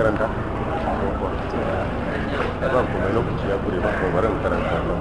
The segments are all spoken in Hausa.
karanta ban ba kuma lokaci ya kure ba kuma barin karanta ba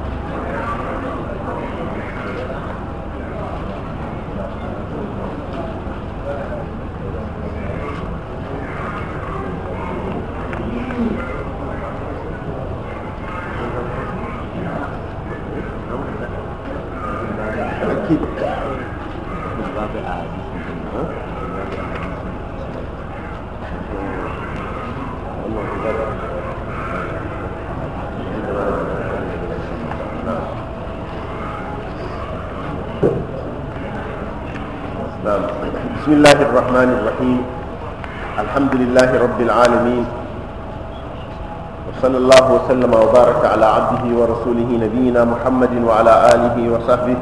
بسم الله الرحمن الرحيم الحمد لله رب العالمين وصلى الله وسلم وبارك على عبده ورسوله نبينا محمد وعلى آله وصحبه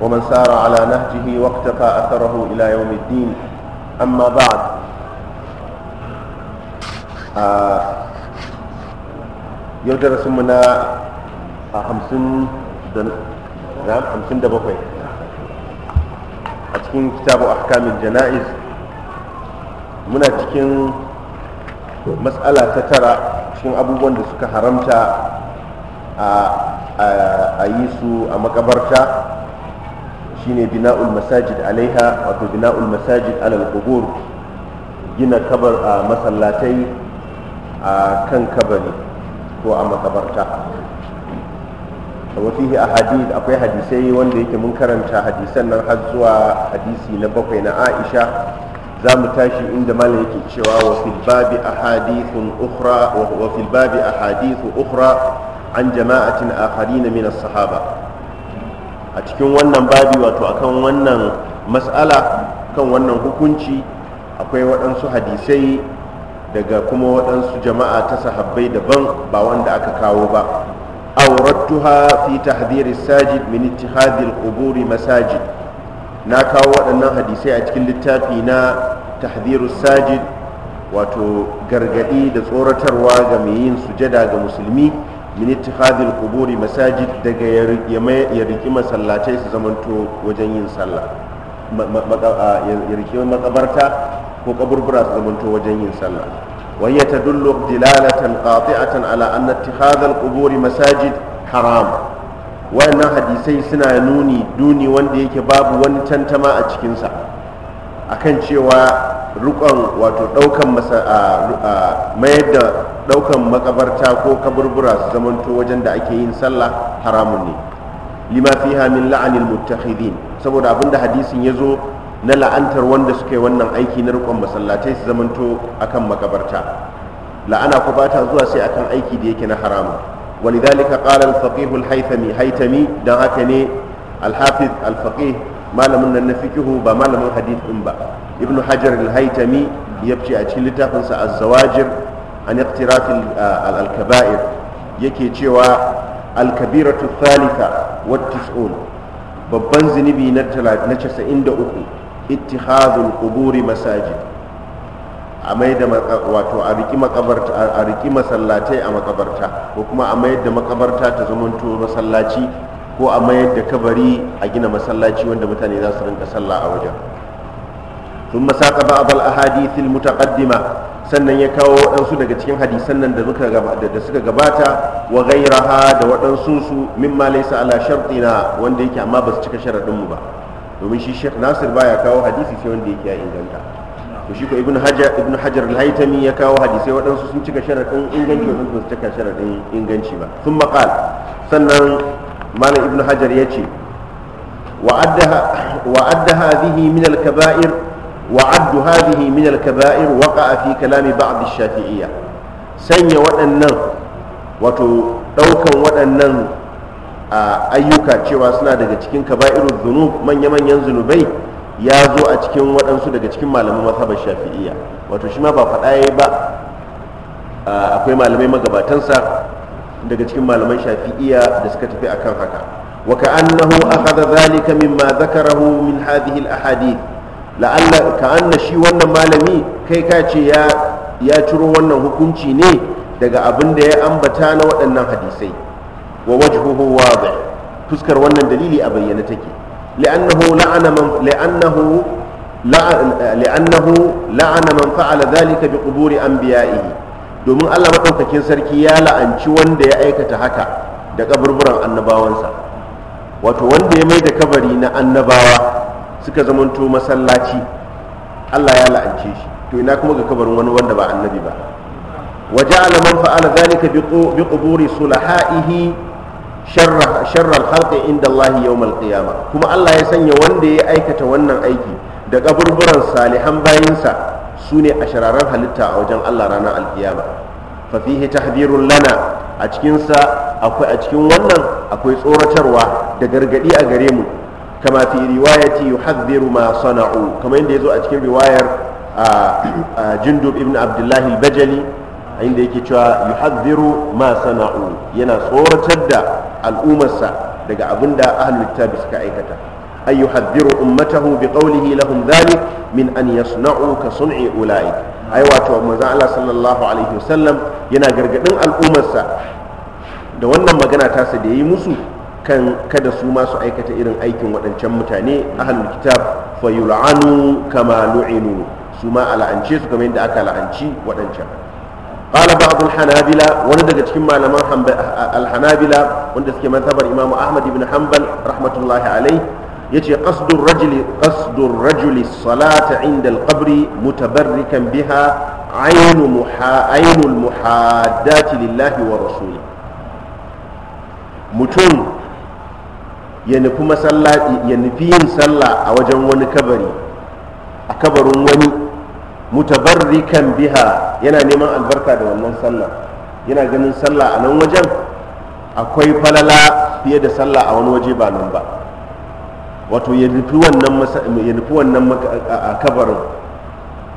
ومن سار على نهجه واقتفى أثره إلى يوم الدين أما بعد آه، يوجد رسمنا خمسين نعم خمسون دبوكي cikin kitabu ahkamin jana'iz muna cikin matsala ta tara cikin abubuwan da suka haramta a yi su a makabarta shine bina'ul masajid alaiha wato bina'ul masajid alal qubur gina kabar a masallatai a kan kabari ko a makabarta wa fihi ahadith akwai hadisai wanda yake mun karanta hadisan nan har zuwa hadisi na bakwai na Aisha za mu tashi inda malam yake cewa wa fil babi ahadithun ukhra wa fil babi ahadithu ukhra sahaba a cikin wannan babi wato akan wannan mas'ala kan wannan hukunci akwai waɗansu hadisai daga kuma waɗansu jama'a ta sahabbai daban ba wanda aka kawo ba aurattuha fi tahdhir sajid min ittihad al masajid na kawo waɗannan hadisai a cikin littafi na tahdhir sajid wato gargadi da tsoratarwa ga mai yin sujada ga musulmi min ittihad al-qubur masajid daga ya riki masallatai su zamanto wajen yin sallah ya riki makabarta ko kaburbura su zamanto wajen yin sallah وهي تدل دلالة قاطعة على أن اتخاذ القبور مساجد حرام وأن حديثي سنا نوني دوني وندي كباب وان تنتما أتشكنسا أكن شوى رقم واتو دوكم مسا ما يد دوكم مكبرتا كو كبربرا زمن تو وجن دا أكيين سلا حرام لما فيها من لعن المتخذين سبب أبن حديث يزو na la'antar wanda suka yi wannan aiki na rikon masallatai su zamanto akan makabarta la'ana ku bata zuwa sai akan aiki da yake na haramu wani dalika ƙarar faƙihul haitami haythami haythami haka ne al-hafiz malamin nan na fikihu ba malamin hadith ɗin ba ibnu hajar alhaitami ya yace a cikin littafinsa azawajir az-zawajir an iqtiraf al uh, yake cewa alkabiratu kabiratu thalitha wa tis'un babban zunubi na 93 ittihadul quburi masajid a mai da wato a riki makabarta a riki masallatai a makabarta ko kuma a mayar da makabarta ta to masallaci ko a mayar da kabari a gina masallaci wanda mutane za su rinka sallah a wajen sun masaka ba abal ahadithil mutaqaddima sannan ya kawo waɗansu daga cikin hadisan nan da suka gabata wa gairaha da waɗansu su mimma laysa ala shartina wanda yake amma ba su cika sharaɗin mu ba domin shi Sheikh Nasir baya kawo hadisi sai wanda yake ya inganta to shi ko Ibn Hajar Ibn Hajar al-Haytami ya kawo hadisi waɗansu sun cika sharadin inganci waɗansu ba su cika sharadin inganci ba sun maqal sannan malam Ibn Hajar ya ce wa wa وعد وعد هذه من الكبائر وعد هذه من الكبائر وقع في كلام بعض shafi'iyya sanya waɗannan wato ɗaukan waɗannan A ayyuka cewa suna daga cikin kaba'iru zunub manya-manyan zunubai ya zo a cikin waɗansu daga cikin malamin mazhabar shafi'iyya wato shi ma ba faɗa ya ba akwai malamai magabatansa daga cikin malaman shafi'iyya da suka tafi a kan haka wa ka'annahu akhadha dhalika mimma dhakarahu min hadhihi al-ahadith la'alla na shi wannan malami kai ka ce ya ya ciro wannan hukunci ne daga abin da ya ambata na waɗannan hadisai wa wajhuhu wadih fuskar wannan dalili a bayyana take li'annahu la'ana man li'annahu li'annahu la'ana man fa'ala dhalika bi quburi anbiya'ihi domin Allah madaukakin sarki ya la'anci wanda ya aikata haka da kaburburan annabawansa wato wanda ya mai da kabari na annabawa suka zamanto masallaci Allah ya la'ance shi to ina kuma ga kabarin wani wanda ba annabi ba وجعل fa'ala فعل bi quburi sulaha'ihi sharrar halka inda Allah yau malƙiyama kuma Allah ya sanya wanda ya aikata wannan aiki da kaburburan salihan bayansa su ne a shararen halitta a wajen Allah ranar alƙiyama fafihi tahbirun lana a cikinsa akwai a cikin wannan akwai tsoratarwa da gargaɗi a gare mu kama fi riwayati yuhadhdhiru ma sana'u kamar yadda yazo a cikin riwayar jindub ibn abdullahi bajali inda yake cewa yuhadhdhiru ma sana'u yana tsoratar da al'ummarsa daga abin da ahlul kitabi suka aikata ay yuhadhiru ummatahu bi qawlihi lahum dhalik min an yasna'u ka sun'i ulai ai wato manzon Allah sallallahu alaihi wasallam yana gargadin al'ummarsa da wannan magana tasa da yi musu kan kada su su aikata irin aikin waɗancan mutane ahlul kitab fa la'anu kama lu'inu su ma ala'ance su kamar yadda aka la'anci waɗancan qala ba'd al-hanabila wani daga cikin malaman al-hanabila wanda suke mantabar imam ahmad ibn hambal rahmatulahi alayhi yace qasdur rajuli rajuli salata inda al mutabarri kan biha ainul muha aynul lillahi wa rasuli mutum ya nufi masallaci ya nufi yin sallah a wajen wani kabari a kabarin wani mutabarrikan biha yana neman albarka da wannan sallah yana ganin sallah a nan wajen akwai falala fiye da sallah a wani waje ba nan ba wato ya nufi wannan a kabarin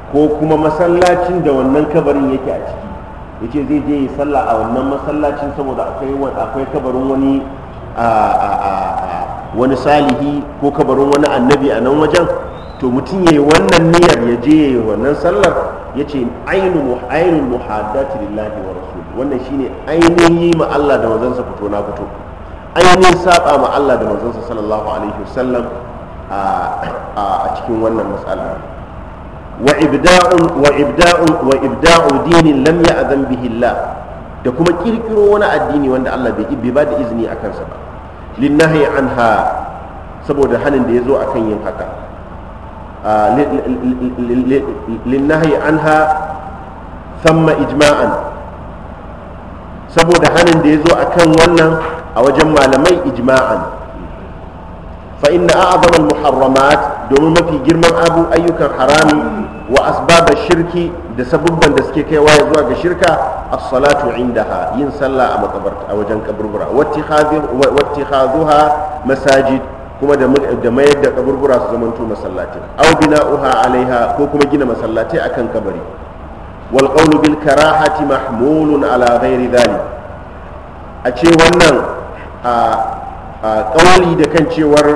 ko kuma masallacin da wannan kabarin yake a ciki yace zai je yi sallah a wannan masallacin saboda akwai akwai kabarin wani a wani salihi ko kabarin wani annabi a nan wajen to mutum yi wannan niyyar ya je yi wannan sallar ya ce ainul muhaddati lillahi wa rasuli wannan shine ainihin yi ma Allah da manzansa fito na fito ainihin saba ma Allah da manzansa sallallahu alaihi wasallam a cikin wannan matsala wa ibda'un wa ibda'un wa ibda'u dinin lam ya'zan bihi Allah da kuma kirkiro wani addini wanda Allah bai bai ba da izini akan sa ba linnahi anha saboda hanin da ya zo akan yin haka linnahi anha samma ijma'an saboda hanin da ya zo a kan wannan a wajen malamai ijma'an fa inna a'azam muharramat domin mafi girman abu ayyukan harami wa asbab shirki da sabubban da suke kaiwa ya zuwa ga shirka asalatu salatu indaha yin sallah a makabarta a wajen kaburbura wattikhadhuha masajid kuma da mayar da kaburbura su zamanto masallatai aw uha alaiha ko kuma gina masallatai akan kabari wal qawlu bil karahati mahmulun ala ghairi dhalik a ce wannan a kawali da kan cewar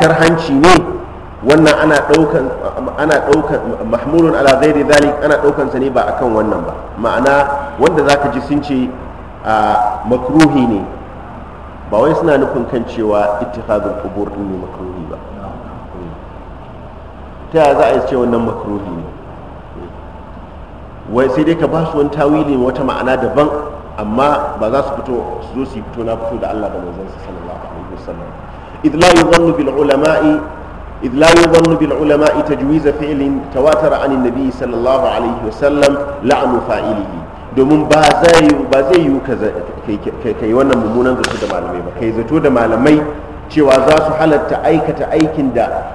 karhanci ne wannan ana daukan ana daukan mahmulun ala ghairi dhalik ana daukan sa ne ba akan wannan ba ma'ana wanda zaka ji sun ce makruhi ne ba wai suna nufin kan cewa ittihadul qubur din ne makruhi ba ta yaya za a yi ce wannan makruhi ne wai sai dai ka ba su wani tawili wata ma'ana daban amma ba za su fito su zo su fito na fito da Allah da manzon sa sallallahu alaihi wasallam id la yuzannu bil ulama'i id la yuzannu bil ulama'i tajwiz fi'lin tawatara an an-nabi sallallahu alaihi wasallam la'nu fa'ilihi domin ba zai ba zai yiwu ka yi wannan mummunan zato da malamai ba kai zato da malamai cewa za su halatta aikata aikin da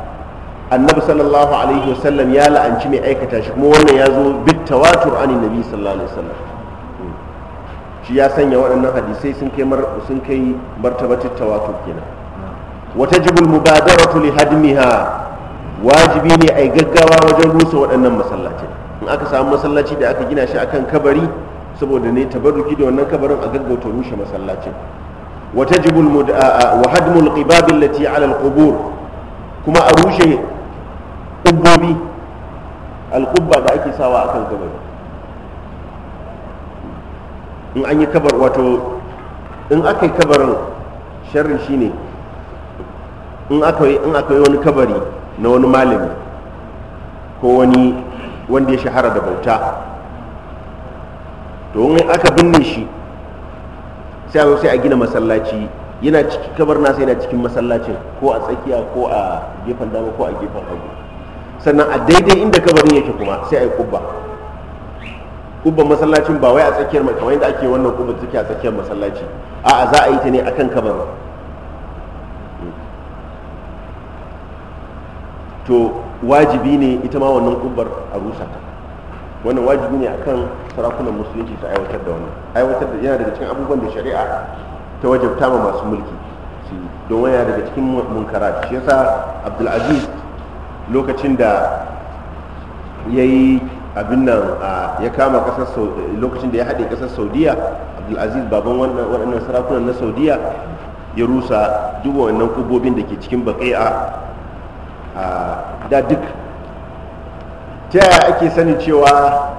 annabi sallallahu alaihi wasallam ya la'anci mai aikata shi kuma wannan ya zo bit tawatur anin nabi sallallahu alaihi wasallam shi ya sanya waɗannan hadisai sun kai sun kai martabatit tawatur kenan wata jibul mubadaratu li hadmiha wajibi ne a yi gaggawa wajen rusa waɗannan masallacin in aka samu masallaci da aka gina shi akan kabari saboda ne tabarruki da wannan kabarin a gaggauta rushe masallacin wa tajibul wa hadmul qibab allati ala al qubur kuma a rushe ubbobi al qubba da ake sawa akan kabari in an yi kabar wato in aka yi kabarin sharrin shine in aka yi in aka yi wani kabari na wani malami ko wani wanda ya shahara da bauta to in aka binne shi sai a sai a gina masallaci yana ciki kabar nasa yana cikin masallacin ko a tsakiya ko a gefen dama ko a gefen hagu sannan a daidai inda kabarin yake kuma sai a yi kubba kubban masallacin ba wai a tsakiyar mai kamar yadda ake wannan kubba suke a tsakiyar masallaci a'a za a yi ta ne a kan kabarin to wajibi ne ita ma wannan kubbar a rusa ta wannan wajibi ne akan sarakunan musulunci su aiwatar da wannan aiwatar da yana daga cikin abubuwan da shari'a ta wajabta ma masu mulki su don wani daga cikin munkara shi yasa abdulaziz lokacin da ya yi abin nan ya kama kasar lokacin da ya haɗe kasar saudiya abdulaziz baban waɗannan sarakunan na saudiya ya rusa duk wannan kubobin da ke cikin baƙi'a da duk ta yaya ake sani cewa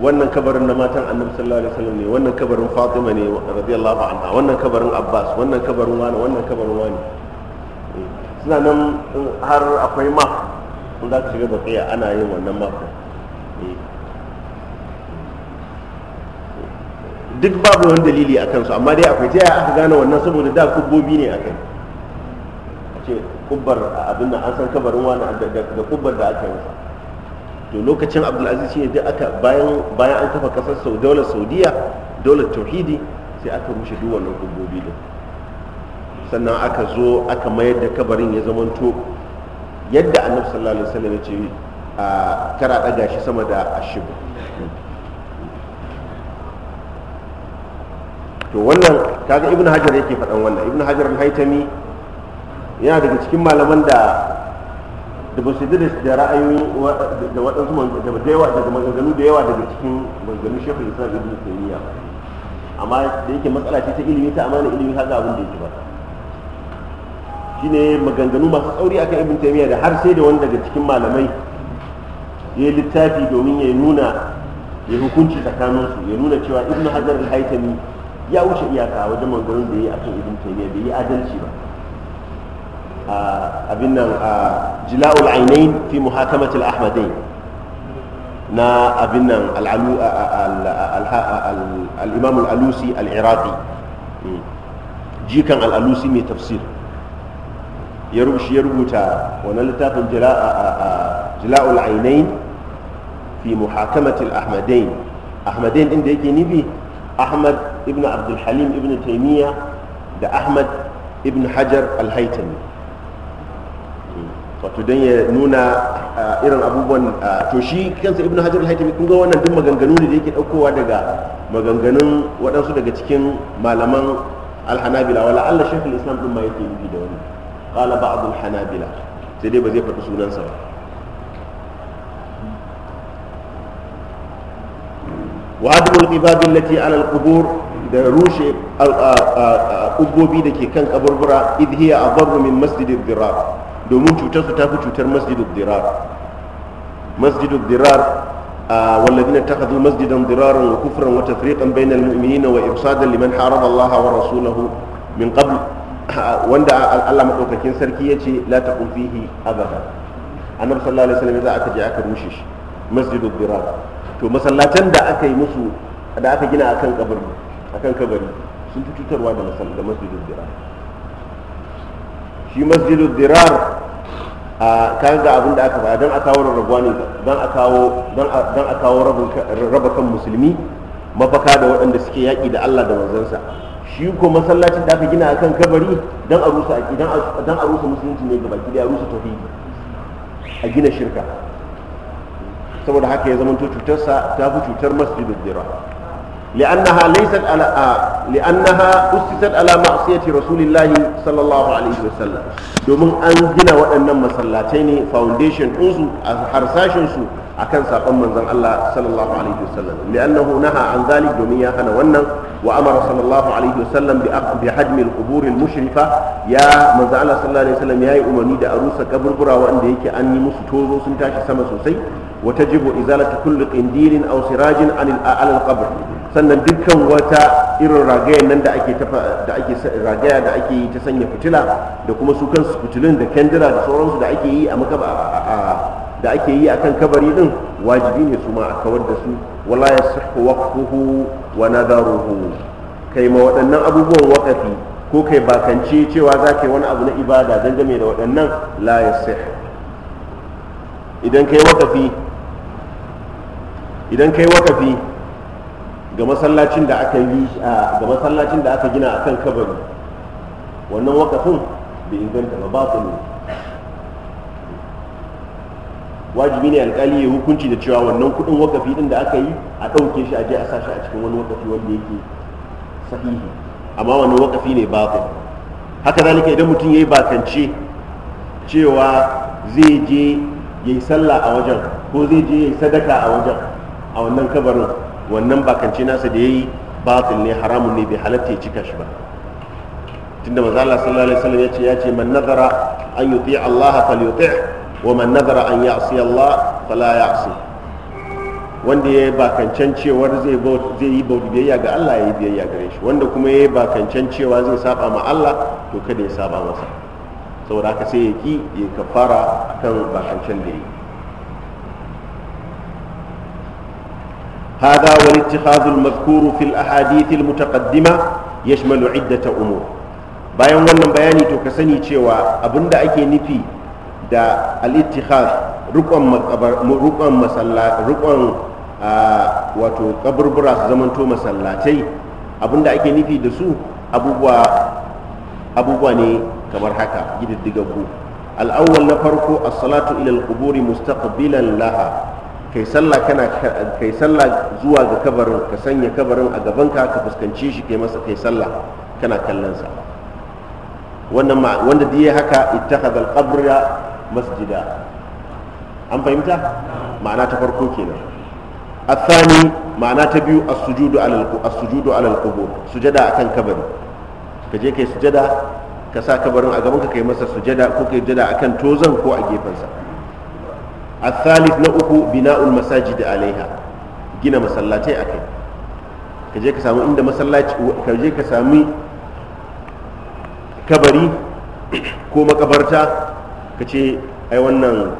wannan kabarin na matan annabi sallallahu alaihi wasallam ne wannan kabarin fatima ne radiyallahu anha wannan kabarin abbas wannan kabarin wani wannan kabarin wani eh, suna nan eh, har akwai ma in za ka shiga bakiya ana yin wannan ma eh. duk babu wani dalili a kansu amma dai akwai ta yaya aka gane wannan saboda da kubbobi ne a kai a ce kubbar abin da an san kabarin wani da kubbar da aka yi to lokacin abdulaziz shine duk aka bayan an kafa kasar sau daular saudiya daular tauhidi sai aka rushe duk wannan kubbobi din sannan aka zo aka mayar da kabarin ya zamanto yadda annabi sallallahu alaihi wasallam ya ce a kara daga shi sama da ashibu to wannan kaga ibn hajar yake faɗan wannan ibn hajar al-haitami yana daga cikin malaman da da ba su da da ra'ayoyin da waɗansu yawa daga maganganu da yawa daga cikin maganganu shekul islam ibn taymiya amma da yake matsala ce ta ilimi ta amana ilimi haka abin da yake ba shine maganganu masu tsauri akan ibn taymiya da har sai da wani daga cikin malamai ya yi littafi domin ya nuna ya hukunci tsakaninsu ya nuna cewa ibn hajar al-haytami ya wuce iyaka wajen maganganun da ya yi akan ibn taymiya bai yi adalci ba abin nan jila'ul fi na abin nan al alusi al hmm. jikan al-alusi mai tafsir ya rubuta wannan littafin jila'ul ainain fi muhakamatil ahmadain ahmadain inda yake nibi ahmad ibn abdul halim ibn taymiya da ahmad ibn hajar al wato don ya nuna irin abubuwan to shi kansa ibnu hajar al-haytami kun ga wannan duk maganganu ne da yake daukowa daga maganganun waɗansu daga cikin malaman al-hanabila wala Allah shaykhul islam din ma yake nufi da wani qala ba'd al-hanabila sai dai ba zai faɗi sunansa ba wa adamul qibab allati ala al-qubur da rushe ƙubbobi da ke kan kaburbura idhiya adarru min masjidin dirar domin cutarsu ta fi cutar masjidul dirar masjidul dirar a wallazi na takazu masjidan dirarun wa kufran wa tafriqan liman harama Allah wa rasulahu sarki yace la taqum fihi masallatan da aka gina akan kabari sun fi cutarwa da masallatan da shi masjidul a kayan ga abin da aka faɗa don a kawo rarrabuwa ne don a kawo don a kawo raba kan musulmi mafaka da waɗanda suke yaƙi da Allah da manzansa shi ko masallacin da aka gina a kan kabari don a rusa aki don a rusa musulunci ne gaba da a rusa tauhidi a gina shirka saboda haka ya zama cutarsa ta fi cutar masjidul dira لأنها ليست على لأنها أسست على معصية رسول الله صلى الله عليه وسلم دومن أن جنا وأن مسلاتين فاونديشن أنسو حرساشن سو أكن ساقم من الله صلى الله عليه وسلم لأنه نهى عن ذلك دوميا هنا ونن وأمر صلى الله عليه وسلم بحجم القبور المشرفة يا من الله صلى الله عليه وسلم يا أمني دا أروس قبر برا وأن ديك أني مستوزو سنتاش سما سوسي وتجب إزالة كل قنديل أو سراج عن على القبر sannan dukkan wata irin ragaya nan da ake tafa da ake ragaya da ake yi ta sanya fitila da kuma su kansu fitilun da kendira da sauransu da ake yi a da ake yi akan kabari din wajibi ne su ma a kawar da su wala yasihhu waqfuhu wa nadaruhu kai ma waɗannan abubuwan waƙafi ko kai bakance cewa za ka yi wani abu na ibada game da waɗannan la yasih idan kai wakafi. idan kai ga masallacin da aka yi ga masallacin da aka gina kan kabari wannan wakafin bai inganta ba batil ne wajibi ne alƙali ya hukunci da cewa wannan kudin wakafi din da aka yi a ɗauke shi a je a sa shi a cikin wani wakafi wanda yake sahihi amma wani wakafi ne ku. haka zalika idan mutum ya yi bakance cewa zai je ya yi sallah a wajen ko zai je ya yi sadaka a wajen a wannan kabarin wannan bakance nasa da yayi batil ne haramun ne bai halatta ya cika shi ba tunda manzo Allah sallallahu alaihi wasallam yace yace man nazara an yuti Allah falyuti wa man nazara an ya'si Allah fala ya'si wanda ya bakancan cewar zai zai yi biyayya ga Allah ya yi biyayya gare shi wanda kuma ya bakancen cewa zai saba ma Allah to kada ya saba masa saboda haka sai ya ki ya kafara akan bakancen da ya yi هذا والاتخاذ المذكور في الأحاديث المتقدمة يشمل عدة أمور bayan wannan bayani to ka sani cewa abinda ake nufi da al-ittikhaz wato kaburbura su zamanto masallatai abinda ake nufi da su abubuwa abubuwa ne kamar haka gididdigaggu al al'awwal na farko as-salatu ila al-quburi mustaqbilan laha kai sallah kana kai sallah zuwa ga kabarin ka sanya kabarin a gabanka, ka fuskanci shi kai masa kai sallah kana kallon sa wannan ma wanda da yayi haka ittakhadha al-qabra masjida an fahimta ma'ana ta farko kenan athani ma'ana ta biyu as-sujudu ala as-sujudu ala al-qubur sujada akan kabari ka je kai sujada ka sa kabarin a gabanka kai masa sujada ko kai sujada akan tozan ko a gefen sa الثالث نأكو بناء المساجد عليها جنا مسلاتي أكي كجيك سامو عند مسلاتي كجيك سامي كبري ko makabarta ka ce wannan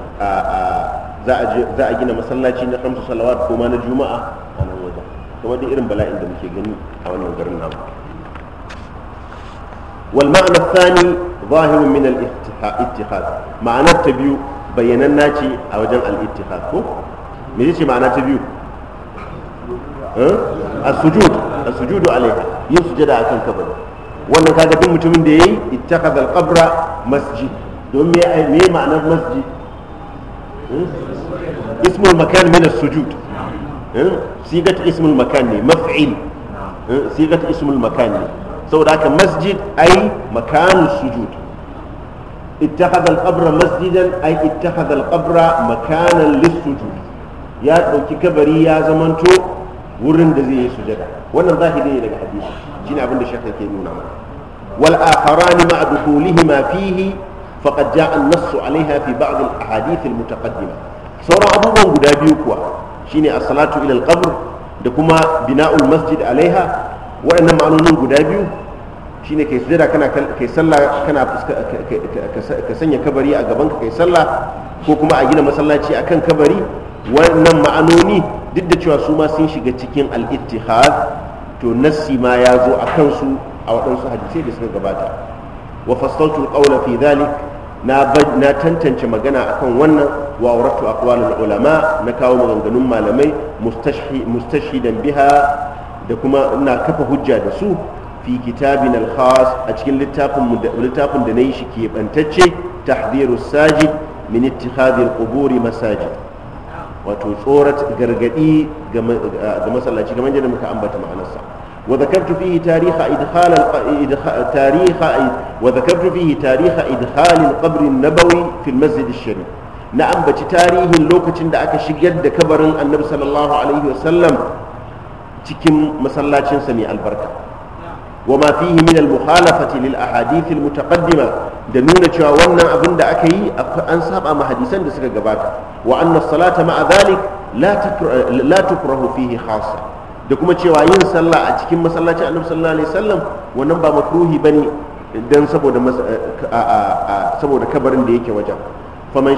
za a gina masallaci na kamsu salawat ko ma na juma'a a nan wajen kamar da irin bala'in da muke gani a wannan garin namu wal ma'ana thani zahirun min al ma'anar ta biyu bayanan naci a wajen al-ittihad ko me yace ma'ana ta biyu eh? as-sujud as-sujudu alaiha yin sujada akan kabari wannan kaga duk mutumin da yayi ittakhadha al-qabra masjid don me ai me ma'anar masjid eh? ismul makan min as-sujud eh? sigat ismul makan ne maf'il sigat ismul makan ne saboda haka masjid ai makanu sujud اتخذ القبر مسجدا أي اتخذ القبر مكانا للسجود يا ɗauki kabari ya zamanto wurin da zai yi sujada wannan zahiri ne daga hadisi shine abin da shakka ke nuna mana wal akharani ma dukhulihima fihi faqad jaa an-nass alaiha fi ba'd al-ahadith al-mutaqaddima sauran abubuwan guda biyu kuwa shine as-salatu ila al-qabr da kuma bina'ul masjid alaiha waɗannan ma'anonin guda biyu shine kai sujada kana kai sallah kana ka sanya kabari a gaban ka kai sallah ko kuma a gina masallaci akan kabari wannan ma'anoni duk da cewa su ma sun shiga cikin al-ittihad to nassi ma ya zo a su a waɗansu hadisai da suka gabata wa fastaltu qawla fi dhalik na na tantance magana akan wannan wa awratu aqwalul ulama na kawo maganganun malamai mustashhidan biha da kuma ina kafa hujja da su fi kitabin alkhas a cikin littafin da na yi shi keɓantacce tahziru sajid min ittikhadhil quburi masajid wato tsorat gargadi ga masallaci kamar yadda muka ambata ma'anarsa wa dhakartu fihi tariha idkhal tariha tariha idkhal al-qabr an-nabawi fi al-masjid ash na ambaci tarihin lokacin da aka shigar da kabarin annabi sallallahu alaihi cikin masallacinsa mai albarka wa ma minal min al-mukhalafati lil ahadith al-mutaqaddima da nuna cewa wannan abin da aka yi an saba ma hadisan da suka gabata wa anna salata ma'a dhalik la tukrahu fihi khassa da kuma cewa yin sallah a cikin masallacin annabi sallallahu alaihi wasallam wannan ba makruhi bane dan saboda kabarin da yake wajen faman